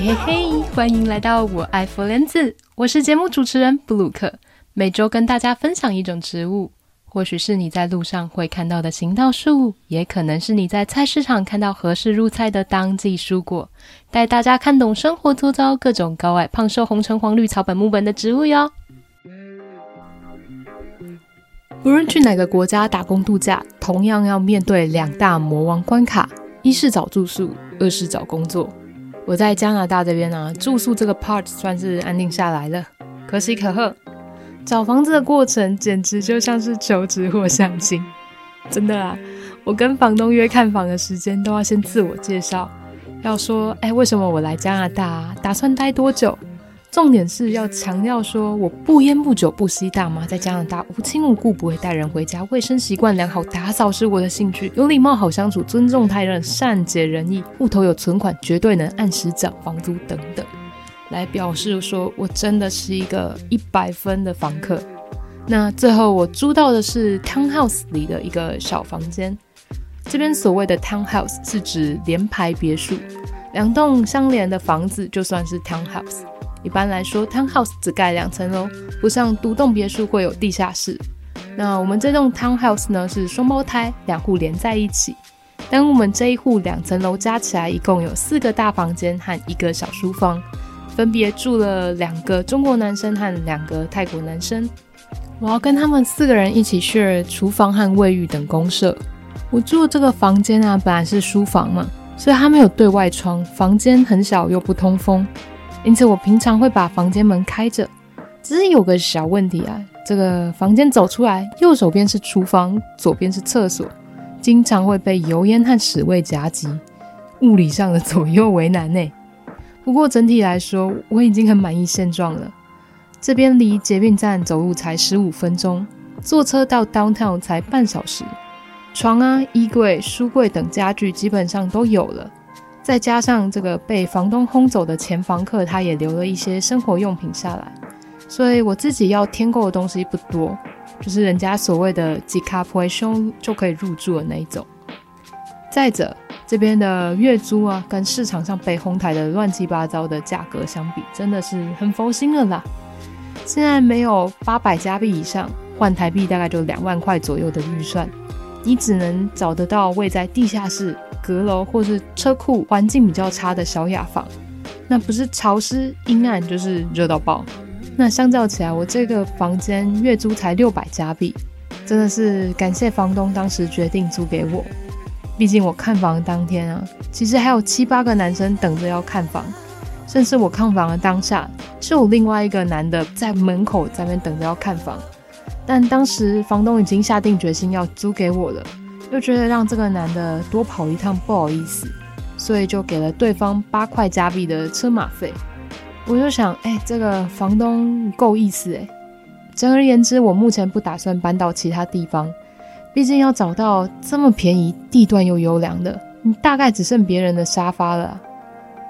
嘿嘿，hey, hey, hey, 歡迎來到我愛 my friends，我是節目主持人布魯克，每周跟大家分享一種植物，或許是你在路上會看到的行道樹，也可能是你在菜市場看到合適入菜的當季蔬果，帶大家看懂生活周遭各種高矮胖瘦紅橙黃綠草本木本的植物喲。無論去哪個國家打工度假，同樣要面對兩大魔王關卡，一是找住宿，二是找工作。我在加拿大這邊啊，住宿這個 part 算是安定下來了，可喜可賀。找房子的過程簡直就像是求職或相親，真的啊！我跟房東約看房的時間都要先自我介紹，要說哎、欸，為什麼我來加拿大啊？打算待多久？重點是要強調說，我不菸不酒不吸大麻，在加拿大無親無故不會帶人回家，衛生習慣良好，打掃是我的興趣，有禮貌好相處，尊重他人，善解人意，戶頭有存款，絕對能按時繳房租等等，來表示說我真的是一個一百分的房客。那最後我租到的是 townhouse 裡的一個小房間，這邊所謂的 townhouse 是指聯排別墅，兩棟相連的房子就算是 townhouse。一般來說，townhouse 只蓋兩層樓，不像獨棟別墅會有地下室。那我們這棟 townhouse 呢，是雙胞胎兩戶連在一起，但我們這一戶兩層樓加起來一共有四個大房間和一個小書房，分別住了兩個中國男生和兩個泰國男生。我要跟他們四個人一起 share 廚房和衛浴等公設。我住的這個房間呢，啊，本來是書房嘛，所以它沒有對外窗，房間很小又不通風。因此，我平常會把房間門開着，只是有個小問題啊，這個房間走出來，右手邊是廚房，左邊是廁所，經常會被油煙和屎味夾擊，物理上的左右為難呢、欸。不過整體來說，我已經很滿意現狀了。這邊離捷運站走路才十五分鐘，坐車到 downtown 才半小時。床啊、衣櫃、書櫃等家具基本上都有了。再加上這個被房東轟走的前房客，他也留了一些生活用品下來，所以我自己要添購的東西不多，就是人家所謂的即卡即住就可以入住的那一種。再者，這邊的月租啊，跟市場上被哄抬的亂七八糟的價格相比，真的是很佛心了啦。現在沒有八百加幣以上，換台幣大概就兩萬塊左右的預算，你只能找得到位在地下室、閣樓或是車庫，環境比較差的小雅房，那不是潮濕陰暗，就是熱到爆。那相較起來，我這個房間月租才六百加幣，真的是感謝房東當時決定租給我。畢竟我看房的當天啊，其實還有七八個男生等着要看房，甚至我看房的當下，是有另外一個男的在門口在那等着要看房。但當時房東已經下定決心要租給我了，又覺得讓這個男的多跑一趟不好意思，所以就給了對方八塊加幣的車馬費。我就想，哎，這個房東夠意思哎。總而言之，我目前不打算搬到其他地方，畢竟要找到這麼便宜、地段又優良的，你大概只剩別人的沙發了。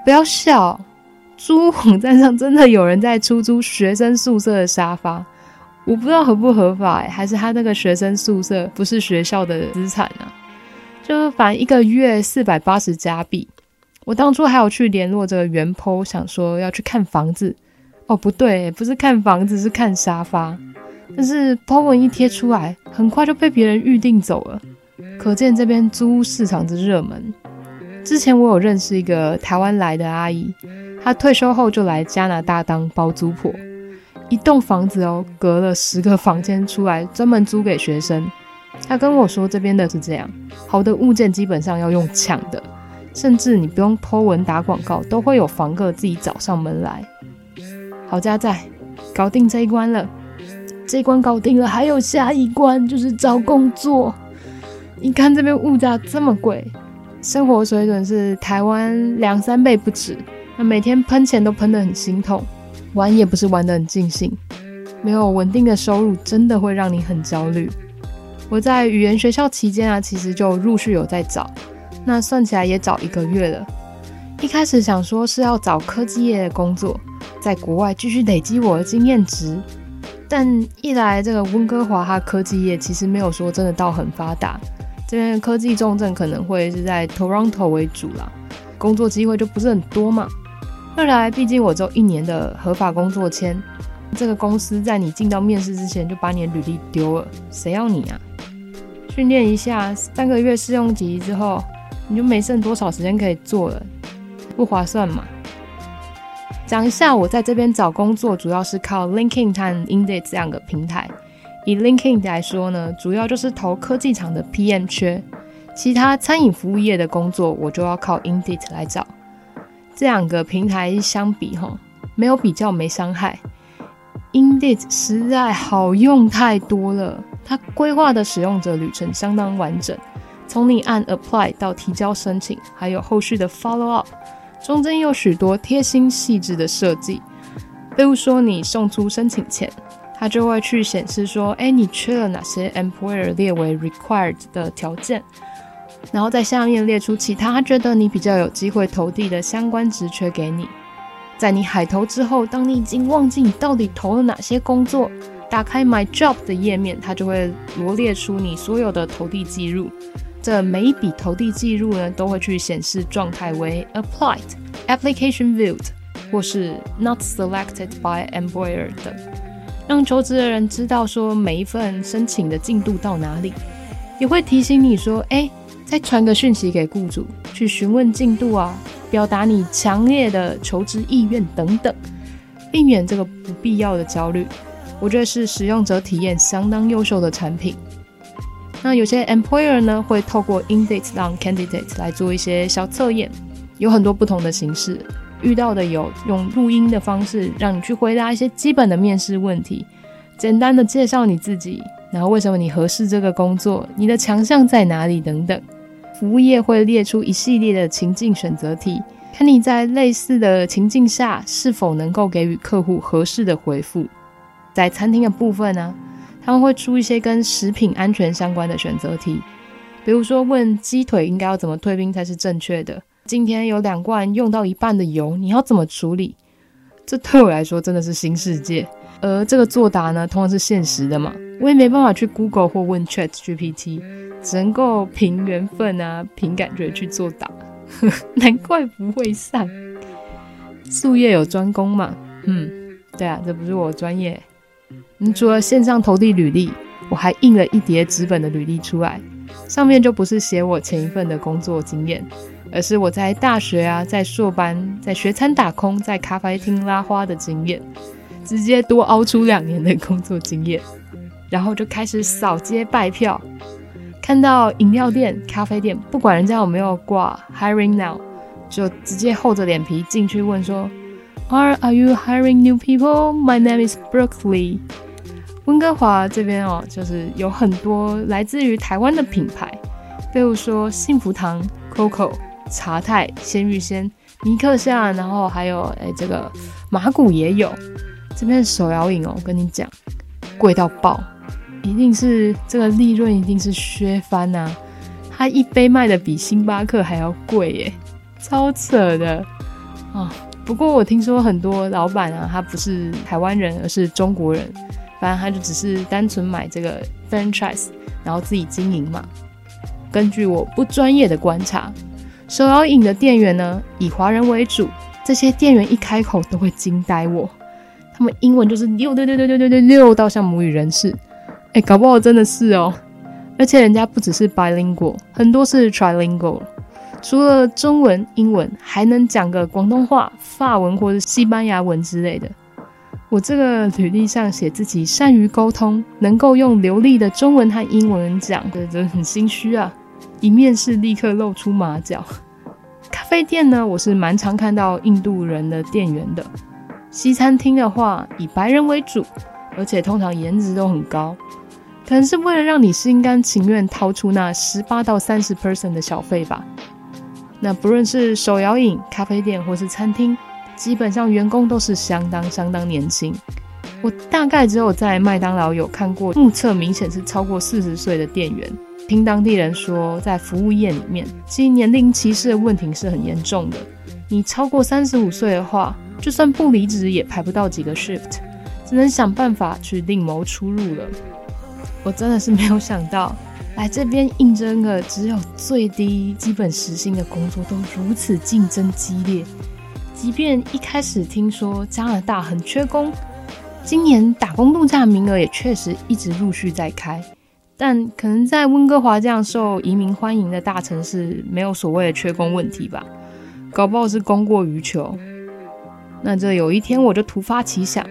不要笑，租屋網站上真的有人在出租學生宿舍的沙發。我不知道合不合法，欸，還是他那個學生宿舍不是學校的資產呢？啊？就是反正一個月四百八十加幣。我當初還有去聯絡這個原 po，想說要去看房子。哦，不對，欸，不是看房子，是看沙發。但是 po 文一貼出來，很快就被別人預定走了，可見這邊租屋市場之熱門。之前我有認識一個台灣來的阿姨，她退休後就來加拿大當包租婆。一棟房子哦，隔了十個房間出來，專門租給學生。他跟我說這邊的是這樣，好的物件基本上要用搶的，甚至你不用 PO 文打廣告，都會有房客自己找上門來。好家在，搞定這一關了，這一關搞定了，還有下一關就是找工作。你看這邊物價這麼貴，生活水準是台灣兩三倍不止，那每天噴錢都噴得很心痛。玩也不是玩得很盡興，沒有穩定的收入，真的會讓你很焦慮。我在語言學校期間啊，其實就陸續有在找，那算起來也找一個月了。一開始想說是要找科技業的工作，在國外繼續累積我的經驗值，但一來這個溫哥華它科技業其實沒有說真的到很發達，這邊的科技重鎮可能會是在 Toronto 為主啦，工作機會就不是很多嘛。二來，畢竟我只有一年的合法工作簽，這個公司在你進到面試之前就把你的履歷丟了，誰要你啊？訓練一下三個月試用期之後，你就沒剩多少時間可以做了，不划算嘛。講一下我在這邊找工作，主要是靠 LinkedIn 和 Indeed 這兩個平台。以 LinkedIn 來說呢，主要就是投科技廠的 PM 缺，其他餐飲服務業的工作我就要靠 Indeed 來找。這兩個平台相比，吼，沒有比較沒傷害。Indeed 實在好用太多了，它規劃的使用者旅程相當完整，從你按 Apply 到提交申請，還有後續的 Follow Up，中間有許多貼心細緻的設計。比如說你送出申請前，它就會去顯示說，誒你缺了哪些 Employer 列為 Required 的條件。然後在下面列出其他覺得你比較有機會投遞的相關職缺給你。在你海投之後，當你已經忘記你到底投了哪些工作，打開 My Job 的頁面，它就會羅列出你所有的投遞記錄。這每一筆投遞記錄呢，都會去顯示狀態為 Applied、Application Viewed 或是 Not Selected by Employer 等，讓求職的人知道說每一份申請的進度到哪裡，也會提醒你說，哎。再傳個訊息給僱主，去詢問進度啊，表達你強烈的求職意願等等，避免這個不必要的焦慮。我覺得是使用者體驗相當優秀的產品。那有些 employer 呢，會透過 Indeed on candidate 來做一些小測驗，有很多不同的形式。遇到的有用錄音的方式讓你去回答一些基本的面試問題，簡單的介紹你自己，然後為什麼你合適這個工作，你的強項在哪裡等等。服務業會列出一系列的情境選擇題，看你在類似的情境下是否能夠給予客戶合適的回復。在餐廳的部分呢、啊，他們會出一些跟食品安全相關的選擇題，比如說問雞腿應該要怎麼退冰才是正確的。今天有兩罐用到一半的油，你要怎麼處理？這對我來說真的是新世界。而這個作答呢，通常是限時的嘛，我也沒辦法去 Google 或問 Chat GPT，只能夠憑緣分啊，憑感覺去作答。 難怪不會上。術業 有專攻嘛。嗯，對啊，這不是我專業，嗯。除了線上投遞履歷，我還印了一疊紙本的履歷出來，上面就不是寫我前一份的工作經驗，而是我在大學啊，在碩班，在學餐打工，在咖啡廳拉花的經驗。直接多熬出兩年的工作經驗，然後就開始掃街拜票，看到飲料店、咖啡店，不管人家有沒有掛 hiring now，就直接厚着臉皮進去問說，Are are you hiring new people? My name is Brooke。溫哥華這邊哦，就是有很多來自於台灣的品牌，比如說幸福堂、Coco a, 茶、茶太、鮮芋仙、尼克夏，然後還有哎這個馬古也有。這邊手搖飲哦，我跟你講，貴到爆，一定是這個利潤一定是削翻吶！他一杯賣的比星巴克還要貴耶，超扯的啊！哦，不過我聽說很多老闆啊，他不是台灣人，而是中國人，反正他就只是單純買這個 franchise，然後自己經營嘛。根據我不專業的觀察，手搖飲的店員呢，以華人為主，這些店員一開口都會驚呆我。他們英文就是溜溜溜溜溜溜溜到像母語人士，誒、欸、搞不好真的是哦。而且人家不只是 bilingual，很多是 trilingual，除了中文、英文，還能講個廣東話、法文或者西班牙文之類的。我這個履歷上寫自己善於溝通，能夠用流利的中文和英文講，這真的很心虛啊！一面試立刻露出馬腳。咖啡店呢，我是蠻常看到印度人的店員的。西餐廳的話，以白人為主，而且通常顏值都很高，可能是為了讓你心甘情願掏出那十八到三十 percent 的小費吧。那不論是手搖飲、咖啡店或是餐廳，基本上員工都是相當相當年輕。我大概只有在麥當勞有看過，目測明顯是超過四十歲的店員。聽當地人說，在服務業裡面，其實年齡歧視的問題是很嚴重的。你超過三十五歲的話，就算不離職，也排不到幾個 shift，只能想辦法去另謀出路了。我真的是沒有想到，來這邊應徵個只有最低基本時薪的工作都如此競爭激烈。即便一開始聽說加拿大很缺工，今年打工度假名額也確實一直陸續在開，但可能在溫哥華這樣受移民歡迎的大城市，沒有所謂的缺工問題吧？搞不好是供過於求。那這有一天，我就突發奇想，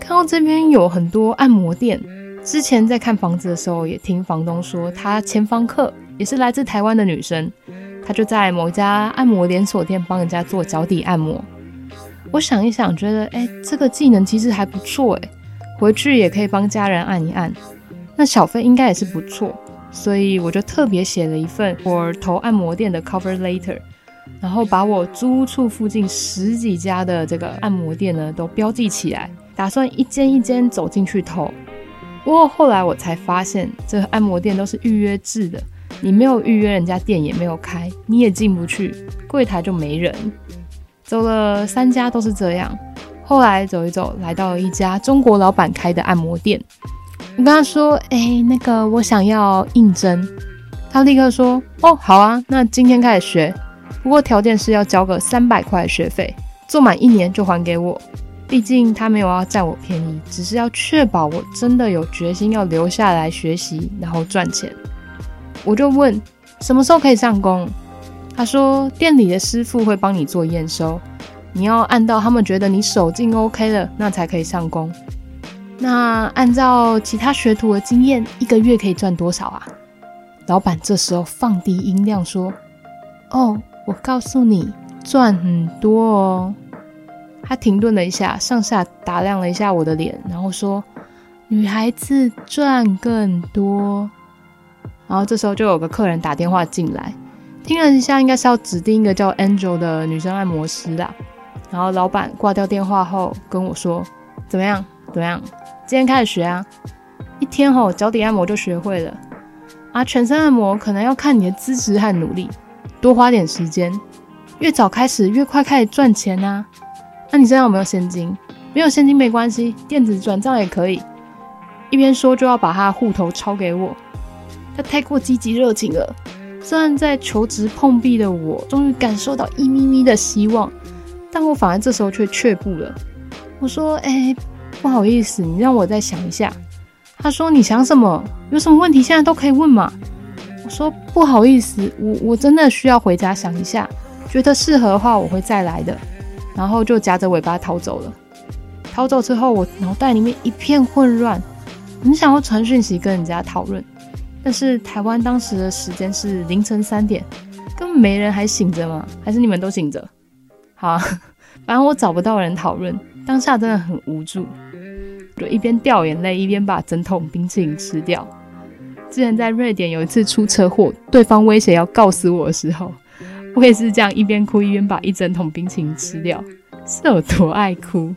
看到這邊有很多按摩店。之前在看房子的時候，也聽房東說，他前房客也是來自台灣的女生，她就在某家按摩連鎖店幫人家做腳底按摩。我想一想，覺得哎，欸，這個技能其實還不錯，欸，回去也可以幫家人按一按，那小費應該也是不錯。所以我就特別寫了一份我投按摩店的 cover letter。然後把我租處附近十幾家的這個按摩店呢，都標記起來，打算一間一間走進去偷。不過後來我才發現，這個、按摩店都是預約制的，你沒有預約，人家店也沒有開，你也進不去，櫃檯就沒人。走了三家都是這樣，後來走一走，來到了一家中國老闆開的按摩店，我跟他說：“哎，那個我想要應徵。”他立刻說：“哦，好啊，那今天開始學。”不過條件是要交個三百塊的學費，做滿一年就還給我。畢竟他沒有要占我便宜，只是要確保我真的有決心要留下來學習，然後賺錢。我就問什麼時候可以上工？他說店裡的師傅會幫你做驗收，你要按照他們覺得你手勁 OK 了，那才可以上工。那按照其他學徒的經驗，一個月可以賺多少啊？老板這時候放低音量說：“哦。”我告訴你，賺很多哦。他停頓了一下，上下打量了一下我的臉，然後說：“女孩子賺更多。”然後這時候就有個客人打電話進來，聽了一下，應該是要指定一個叫 Angel 的女生按摩師啦。然後老闆掛掉電話後跟我說：“怎麼樣？怎麼樣？今天開始學啊？一天後腳底按摩就學會了啊！全身按摩可能要看你的資質和努力。”多花點時間，越早開始，越快開始賺錢啊！那你身上有沒有現金？沒有現金沒關係，電子轉賬也可以。一邊說就要把他戶頭抄給我，他太過積極熱情了。雖然在求職碰壁的我，終於感受到一咪咪的希望，但我反而這時候卻卻步了。我說：“哎、欸，不好意思，你讓我再想一下。”他說：“你想什麼？有什麼問題現在都可以問嘛。”說不好意思，我我真的需要回家想一下，覺得適合的話我會再來的。然後就夾着尾巴逃走了。逃走之後，我腦袋裡面一片混亂，很想要傳訊息跟人家討論，但是台灣當時的時間是凌晨三點，根本沒人還醒着嗎？還是你們都醒着？好，反正我找不到人討論，當下真的很無助，就一邊掉眼淚一邊把整桶冰淇淋吃掉。之前在瑞典有一次出車禍，對方威脅要告死我的時候，我也是這樣一邊哭一邊把一整桶冰淇淋吃掉，是有多愛哭。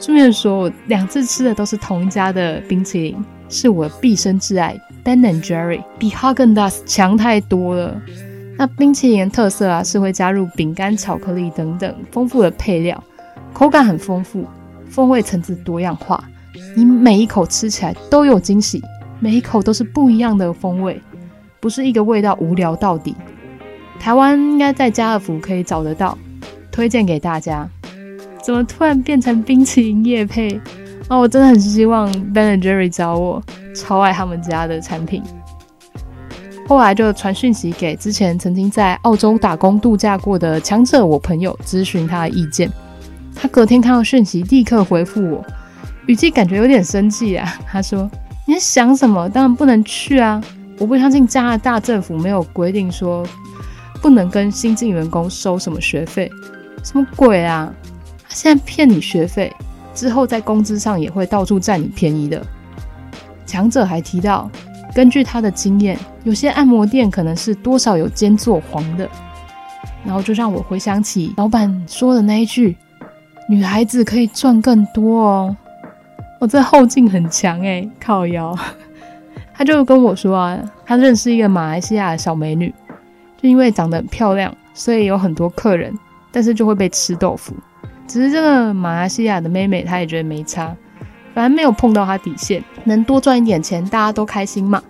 順便說，我兩次吃的都是同一家的冰淇淋，是我畢生摯愛，Ben and Jerry，比 Häagen-Dazs 強太多了。那冰淇淋的特色啊，是會加入餅乾、巧克力等等豐富的配料，口感很豐富，風味層次多樣化，你每一口吃起來都有驚喜。每一口都是不一樣的風味，不是一個味道無聊到底。台灣應該在家樂福可以找得到，推薦給大家。怎麼突然變成冰淇淋業配？哦，我真的很希望 Ben and Jerry 找我，超愛他們家的產品。後來就傳訊息給之前曾經在澳洲打工度假過的強者我朋友，諮詢他的意見，他隔天看到訊息立刻回復我，語氣感覺有點生氣啊，他說。你想什麼？當然不能去啊！我不相信加拿大政府沒有規定說不能跟新進員工收什麼學費，什麼鬼啊！他現在騙你學費，之後在工資上也會到處占你便宜的。強者還提到，根據他的經驗，有些按摩店可能是多少有兼做黃的。然後就讓我回想起老板說的那一句：“女孩子可以賺更多哦。”我、哦、這後勁很強哎、欸，靠腰。 他就跟我說啊，他認識一個馬來西亞的小美女，就因為長得很漂亮，所以有很多客人，但是就會被吃豆腐。只是這個馬來西亞的妹妹，她也覺得沒差，反正沒有碰到他底線，能多賺一點錢，大家都開心嘛。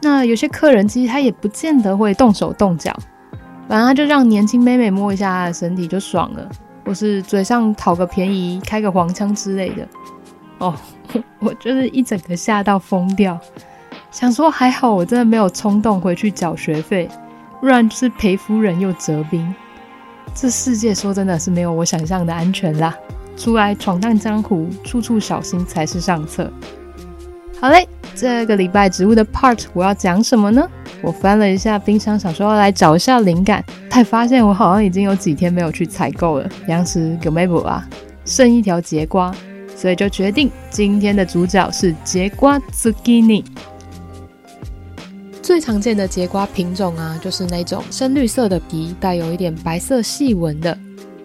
那有些客人其實他也不見得會動手動腳，反正他就讓年輕妹妹摸一下他的身體就爽了，我是嘴上討個便宜，開個黃腔之類的。哦， 我就是一整個嚇到瘋掉，想說還好我真的沒有衝動回去繳學費，不然就是賠夫人又折兵。這世界說真的是沒有我想象的安全啦，出來闖蕩江湖，處處小心才是上策。好嘞，這個禮拜植物的 part 我要講什麼呢？我翻了一下冰箱，想說要來找一下靈感，才發現我好像已經有幾天沒有去採購了。糧食 game over 啊，剩一條櫛瓜。所以就決定今天的主角是櫛瓜 （zucchini）。最常見的櫛瓜品種啊，就是那種深綠色的皮，帶有一點白色細紋的，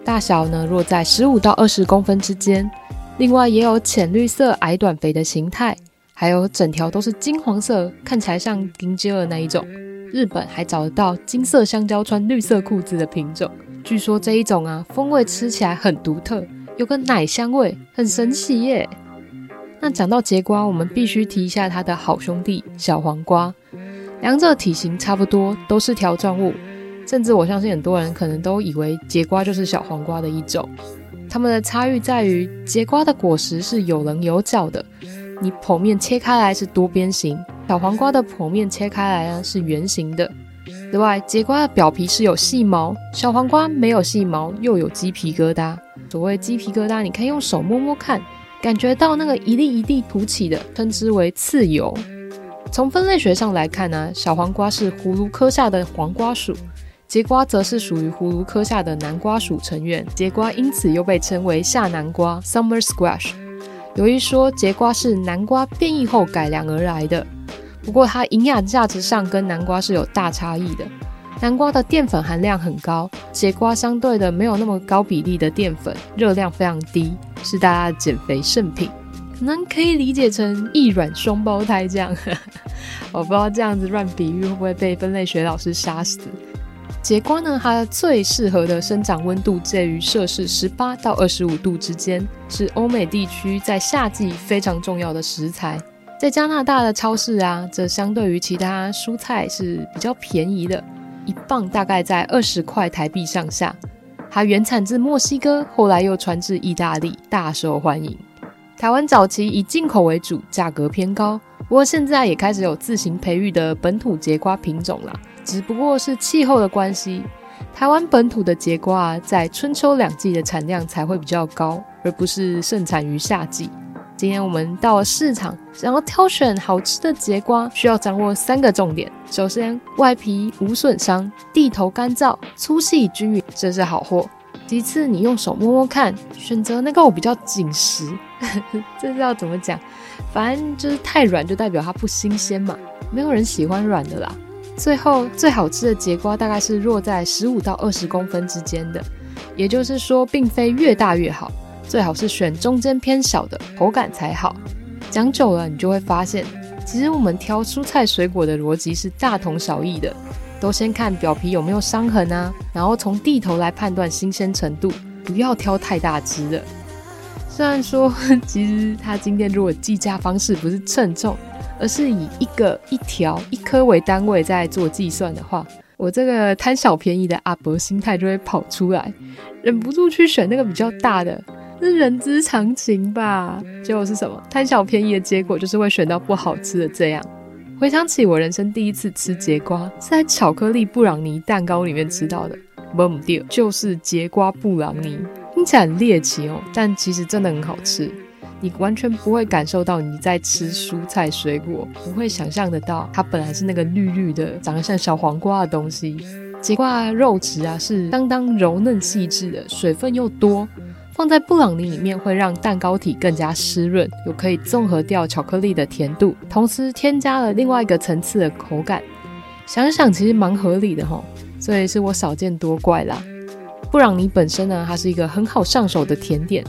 大小呢落在十五到二十公分之間。另外也有淺綠色、矮短肥的形態，還有整條都是金黃色，看起來像金吉爾那一種。日本還找得到金色香蕉穿綠色褲子的品種，據說這一種啊，風味吃起來很獨特。有個奶香味，很神奇耶。那講到櫛瓜，我們必須提一下它的好兄弟小黃瓜。兩者體型差不多，都是條狀物，甚至我相信很多人可能都以為櫛瓜就是小黃瓜的一種。它們的差異在於，櫛瓜的果實是有稜有角的，你剖面切開來是多邊形；小黃瓜的剖面切開來呢是圓形的。此外，櫛瓜的表皮是有細毛，小黃瓜沒有細毛，又有雞皮疙瘩。所謂雞皮疙瘩，你可以用手摸摸看，感覺到那個一粒一粒凸起的，稱之為刺油。從分類學上來看呢、啊，小黃瓜是葫蘆科下的黃瓜屬，櫛瓜則是屬於葫蘆科下的南瓜屬成員。櫛瓜因此又被稱為夏南瓜 （Summer Squash）。有一說櫛瓜是南瓜變異後改良而來的，不過它營養價值上跟南瓜是有大差異的。南瓜的澱粉含量很高，櫛瓜相對的沒有那麼高比例的澱粉，熱量非常低，是大家的減肥聖品。可能可以理解成異卵雙胞胎這樣。 我不知道這樣子亂比喻會不會被分類學老師殺死。櫛瓜呢，它的最適合的生長溫度介於攝氏十八到二十五度之間，是歐美地區在夏季非常重要的食材。在加拿大的超市啊，這相對於其他蔬菜是比較便宜的。一磅大概在二十塊台幣上下，它原產自墨西哥，後來又傳至意大利，大受歡迎。台灣早期以進口為主，價格偏高，不過現在也開始有自行培育的本土櫛瓜品種了，只不過是氣候的關係，台灣本土的櫛瓜在春秋兩季的產量才會比較高，而不是盛產於夏季。今天我們到了市場，想要挑選好吃的櫛瓜，需要掌握三個重點。首先，外皮無損傷、蒂頭乾燥、粗細均勻，這是好貨。其次，你用手摸摸看，選擇那個我比較緊實呵呵，這是要怎麼講？反正就是太軟就代表它不新鮮嘛，沒有人喜歡軟的啦。最後，最好吃的櫛瓜大概是落在十五到二十公分之間的，也就是說，並非越大越好。最好是選中間偏小的，口感才好。講久了，你就會發現，其實我們挑蔬菜水果的邏輯是大同小異的，都先看表皮有沒有傷痕啊，然後從蒂頭來判斷新鮮程度，不要挑太大隻的。雖然說，其實他今天如果計價方式不是稱重，而是以一個、一條、一顆為單位在做計算的話，我這個貪小便宜的阿伯心態就會跑出來，忍不住去選那個比較大的。是人之常情吧？結果是什麼？貪小便宜的結果就是會選到不好吃的。這樣，回想起我人生第一次吃櫛瓜是在巧克力布朗尼蛋糕裡面吃到的，不不丟，就是櫛瓜布朗尼，聽起來很獵奇哦，但其實真的很好吃。你完全不會感受到你在吃蔬菜水果，不會想象得到它本來是那個綠綠的、長得像小黃瓜的東西。櫛瓜、啊、肉質啊是相當柔嫩細緻的，水分又多。放在布朗尼裡面會讓蛋糕體更加濕潤，又可以綜合掉巧克力的甜度，同時添加了另外一個層次的口感。想一想其實蠻合理的齁，所以是我少見多怪啦。布朗尼本身呢，它是一個很好上手的甜點，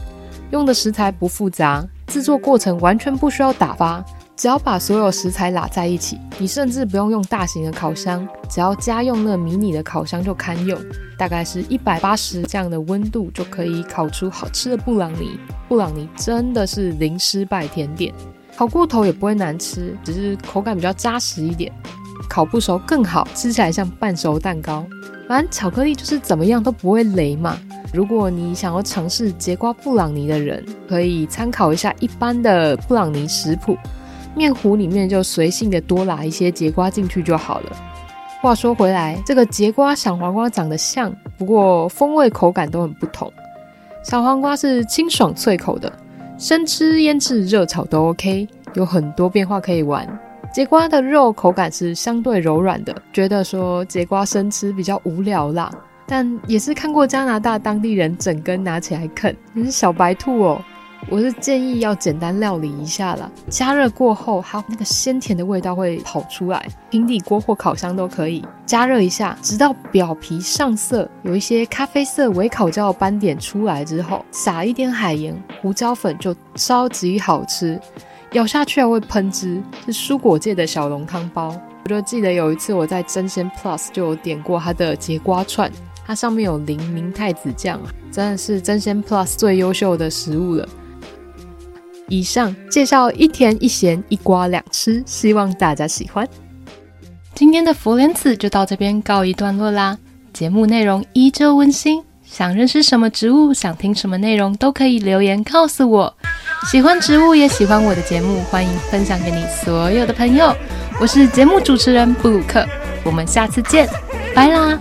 用的食材不複雜，製作過程完全不需要打發。只要把所有食材喇在一起，你甚至不用用大型的烤箱，只要家用那迷你的烤箱就堪用。大概是一百八十這樣的溫度就可以烤出好吃的布朗尼。布朗尼真的是零失敗甜點，烤過頭也不會難吃，只是口感比較扎實一點。烤不熟更好，吃起來像半熟蛋糕。反正巧克力就是怎麼樣都不會雷嘛。如果你想要嘗試櫛瓜布朗尼的人，可以參考一下一般的布朗尼食譜。麵糊裡面就隨性的多拿一些櫛瓜進去就好了。話說回來，這個櫛瓜小黃瓜長得像，不過風味口感都很不同。小黃瓜是清爽脆口的，生吃、醃製、熱炒都 OK，有很多變化可以玩。櫛瓜的肉口感是相對柔軟的，覺得說櫛瓜生吃比較無聊啦，但也是看過加拿大當地人整根拿起來啃，你是小白兔哦？我是建議要簡單料理一下啦，加熱過後，它那個鮮甜的味道會跑出來，平底鍋或烤箱都可以加熱一下，直到表皮上色，有一些咖啡色微烤焦的斑點出來之後，撒一點海鹽、胡椒粉，就超級好吃，咬下去還會噴汁，是蔬果界的小籠湯包。我就記得有一次我在爭鮮 Plus 就點過它的櫛瓜串，它上面有淋明太子醬，真的是爭鮮 Plus 最優秀的食物了。以上介紹一甜一鹹，一瓜兩吃，希望大家喜歡。今天的佛蓮子就到這邊告一段落啦。節目內容依舊溫馨，想認識什麼植物，想聽什麼內容都可以留言告訴我。喜歡植物也喜歡我的節目，歡迎分享給你所有的朋友。我是節目主持人布魯克，我們下次見，拜啦。